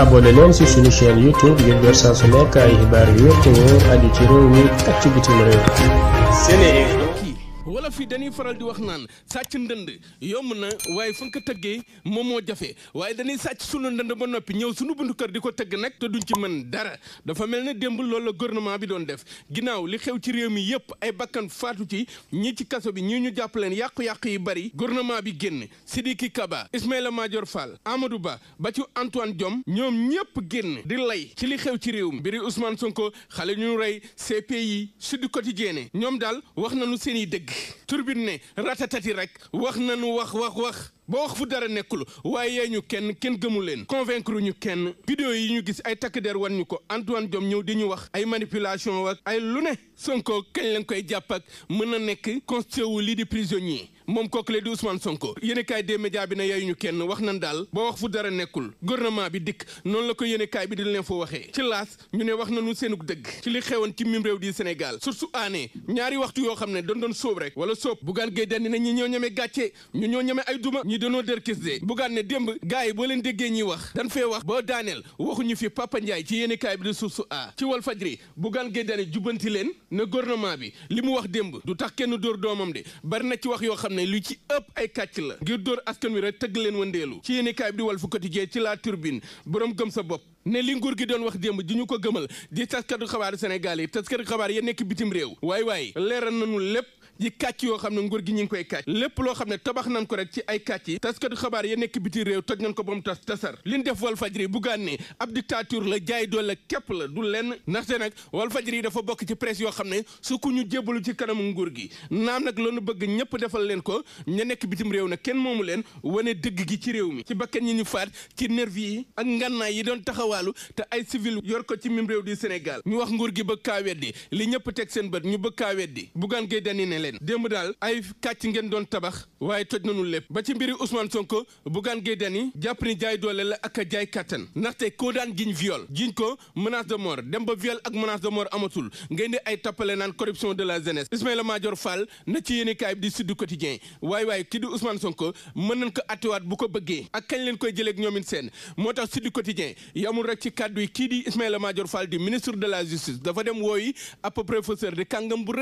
abonné leen ci suñu chaîne YouTube ngir door su nekk ay xibaar yu wér te wóor aju ci mi ak wala fii dañuy faral di wax naan sàcc ndënd yomb na waaye fu nga ko tëggee moom moo jafe waaye dañuy sàcc sunu ndënd ba noppi ñëw sunu buntu kër di ko tëgg nag te duñ ci mën dara dafa mel ne démb loolu la gouvernement bi doon def ginnaaw li xew ci réew mi yëpp ay bakkan faatu ci ñi ci kaso bi ñi ñu jàpp leen yàqu-yàqu yi bari gouvernement bi génn Sidiki Kaba Ismaïla Madior Fall Amadou Ba ba ci Antoine Diome ñoom ñëpp génn di lay ci li xew ci réew mi mbiri Ousmane Sonko xale ñu rey CPI Sud Quotidien ñoom daal wax nañu seen i dëgg turbine ne ratatati rek wax nañu wax wax wax ba wax fu dara nekkul waaye yee ñu kenn kenn gëmu leen convaincre ñu kenn vidéo yi ñu gis ay takk der wan ñu ko Antoine Diome ñëw di ñu wax ay manipulation ak ay lu ne Sonko kañ lañ koy jàpp ak mën a nekk constitué wu lii di prisonnier moom kooku le di Ousmane Sonko yéene kaay des médias bi ne yayuñu kenn wax nan daal ba wax fu dara nekkul gouvernement bi dikk noonu la ko yéene bi di leen foo waxee ci laas ñu ne wax nanu seenuk dëgg ci li xewoon ci mim réew di Sénégal surtout aanée ñaari waxtu yoo xam ne doon doon sóob rek wala soob bugaan géy dandi ne ñi ñoo ñeme gàcce ñu ñoo ñeme ay duma ñi danoo dër kis de bugaan ne démb gars yi boo leen déggee ñiy wax dan fee wax boo daaneel waxuñu fi Papa ci yéene bi di suuf su a ci wal fajri bugaan géy dandi jubbanti leen ne gouvernement bi li mu wax démb du tax kenn dóor doomam de bari na ci wax yoo xam ne ne lu ci ëpp ay kàcc la ngir dóor askan wi rek tëgg leen wandeelu ci yéenekaay bi di Walf Quotidien ci la turbine boroom gëm sa bopp ne li nguur gi doon wax démb di ñu ko gëmal di taskatu xabaaru Sénégal yi taskatu xabaar ya nekk bitim réew waaye waay waay leeral nañu lépp ji kàcc yoo xam ne nguur gi ñu ngi koy kàcc lépp loo xam ne tabax nañ ko rek ci ay kàcc yi taskatu xabaar ya nekk biti réew toj nañ ko ba mu tas tasar liñ def Walfadjri Bougane ne ab dictature la jaay doole képp la du lenn ndaxte dafa bokk ci presse yoo xam ne su ku ñu jébalu kanamu nguur gi naam nag loolu bëgg ñëpp defal leen ko ña nekk bitim réew na kenn moomu leen wane dëgg gi ci réew mi ci bakkan ñi ñu faat ci nervi yi ak ngànnaay yi doon taxawaalu te ay civil yor ko ci mim réew di Sénégal ñu wax nguur gi bëgg kaa weddi li ñëpp teg seen bët ñu bëgg kaa weddi Bougane Gueye Dany ne leen seen démb daal ay kàcc ngeen doon tabax waaye toj nañu lépp ba ci mbiri Ousmane Sonko Bougane Gueye Dany jàpp ni jaay doole la ak jaay kàttan ndaxte koo daan giñ viol giñ ko menace de mort dem ba viol ak menace de mort amatul ngeen di ay tappale naan corruption de la jeunesse Ismaïla Madior Fall na ci yéeni kaay bi di Sud Quotidien waay waay kii di Ousmane Sonko mën nañ ko attiwaat bu ko bëggee ak kañ leen koy jëleeg ñoomin seen moo tax Sud Quotidien yamul rek ci kàddu kii di Ismaïla Madior Fall di ministre de la justice dafa dem wooyi à di kàngam bu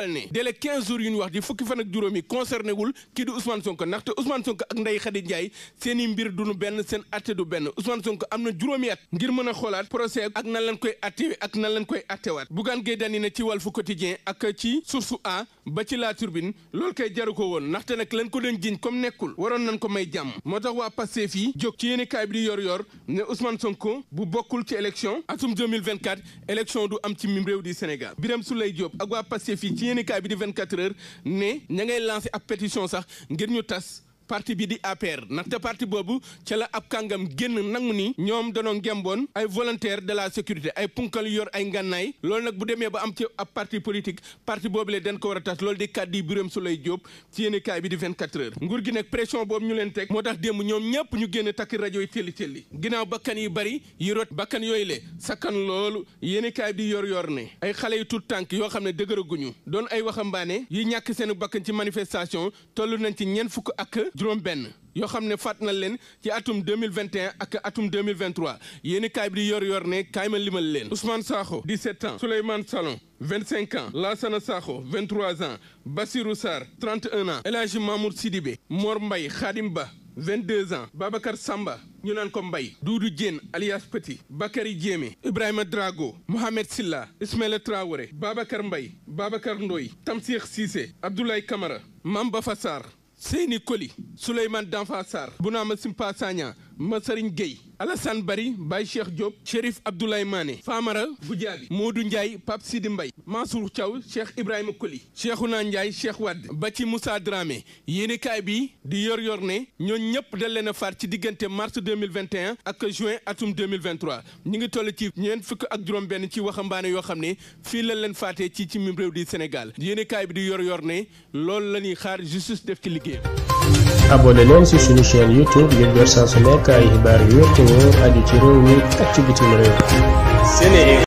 toll nii délai quinze jours yu ñu wax di fukki fan ak juróom yi concerné wul kii di Ousmane Sonko ndaxte ak Ndeye Khady Ndiaye seen i mbir nu benn seen atte du benn Ousmane Sonko am na juróomi at ngir mën a xoolaat procès ak na lañ koy attewe ak nan lañ koy attewaat Bougane Gueye Dany ne ci wal Walf Quotidien ak ci Source A ba ci laa turbine loolu kay jaru ko woon ndaxte nag lan ko doon jiñ comme nekkul waroon nañ ko may jàmm moo tax waa Pastef yi jóg ci yéeni kaay bi di yor yor ne Ousmane Sonko bu bokkul ci élection atum 2024 élection du am ci mim réew di Sénégal Birame Souleye Diop ak waa Pastef yi ci yéeni kaay bi di 24 heures ne ña ngay lancé pétition sax ngir ñu tas parti bi di APR ndaxte parti boobu ca la ab kàngam génn nangu ni ñoom danoo ngemboon ay volontaire de la sécurité ay punkal yor ay ngànnaay loolu nag bu demee ba am ci ab parti politique parti boobu le dañ ko war a tas loolu di kàddu yi Birame Souleye Diop ci yéene kaay bi di 24 heures nguur gi nag pression boobu ñu leen teg moo tax démb ñoom ñëpp ñu génn takk rajo yi telli telli ginnaaw bakkan yi bari yi rot bakkan yooyu le sakkan loolu yéene kaay bi di yor yor ne ay xale yu tuut tànk yoo xam ne dëgëraguñu doon ay waxambaane yi ñàkk seen bakkan ci manifestation toll nañ ci ñeent fukk ak juróom-benn yoo xam ne faat na leen ci atum deux mille vingt ak atum deux mille vingt trois yéen i kaay bi di yor-yor ne kaay ma limal leen Ousmane Sakho 17 ans Souleymane Salon 25 ans Lassana Sakho 23 ans Bassirou Sarr 31 ans El Hadji Mamour Sidibé Mor Mbaye Khadim Ba 22 ans Babacar Samba ñu naan ko Mbaye Doudou Diène alias Petit Bakary Diémé Ibrahima Drago Mohamed Silla Ismaïla Traoré Babacar Mbaye Babacar Ndoye Tamsir Cissé Abdoulaye Camara Mamba Fassar Seyni Koli Souleymane Danfa Sarr Bounama Simpa Sagna ma Serigne Gueye Alassane Bari Baye Cheikh Diop Chérif Abdoulaye Mané Famara Goudiaby Modou Ndiaye Pape Sidi Mbaye Mansour caw Cheikh Ibrahima Koli Cheikhouna Ndiaye Cheikh Wade ba ci Moussa Dramé yéenekaay bi di yor yor ne ñooñ ñëpp dañ leen a faat ci diggante mars 2021 ak juin atum 2023 ñu ngi toll ci ñeent fukk ak juróom benn ci waxambaane yoo xam ne fii lañ leen faatee ci ci mim réew di Sénégal yéenekaay bi di yor yor ne loolu la ñuy xaar justice def ci liggéeyam abonné leen ci suñu chaîne YouTube ngir jot saa su yu wér te wóor aju ci réew mi ak ci bitim réew